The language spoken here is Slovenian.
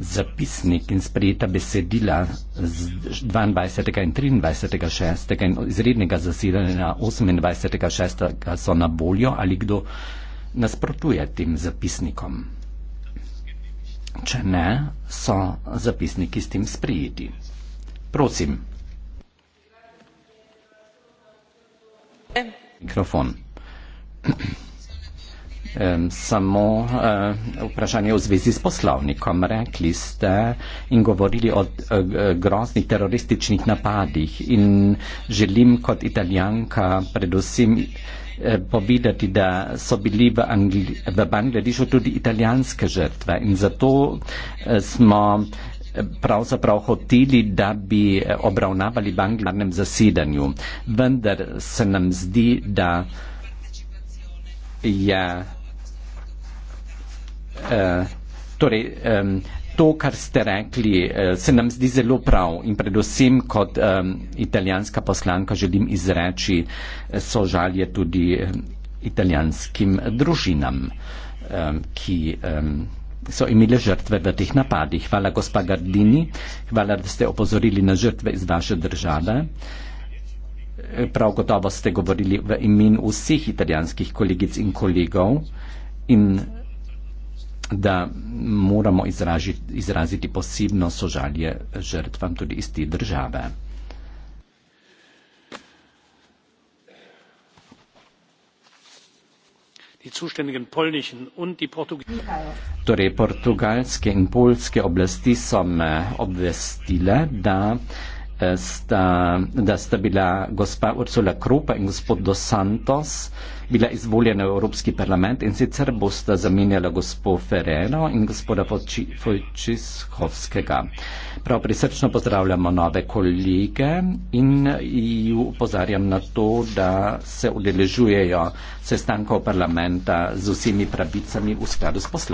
zapisnik in sprejeta besedila z 22. in 23. 6. in izrednega zasedanja 28. 6. so na voljo ali kdo nasprotuje tem zapisnikom. Če ne, so zapisniki s tem sprejeti. Prosim. Mikrofon. Um, samo uh, vprašanje v zvezi s poslovnikom. Rekli ste in govorili o uh, groznih terorističnih napadih in želim kot italijanka predvsem eh, povedati, da so bili v, v Bangladešu tudi italijanske žrtve in zato smo pravzaprav hoteli, da bi obravnavali bangladnem zasedanju. Vendar se nam zdi, da je Eh, torej, to, kar ste rekli, eh, se nam zdi zelo prav in predvsem kot um, italijanska poslanka želim izreči eh, sožalje tudi italijanskim družinam, um, ki um, so imele žrtve v teh napadih. Hvala, gospa Gardini, hvala, da ste opozorili na žrtve iz vaše države. Prav gotovo ste govorili v imen vseh italijanskih kolegic in kolegov in da moramo izražiti, izraziti posebno sožalje žrtvam tudi iz te države. Torej, portugalske in polske oblasti so me obvestile, da uh, sta, da sta bila gospa Ursula Krupa in gospod Dos Santos bila izvoljena v Evropski parlament in sicer bosta zamenjala gospo Ferrero in gospoda Fojčiskovskega. Prav prisrčno pozdravljamo nove kolege in ju upozarjam na to, da se udeležujejo sestankov parlamenta z vsemi pravicami v skladu s poslovom.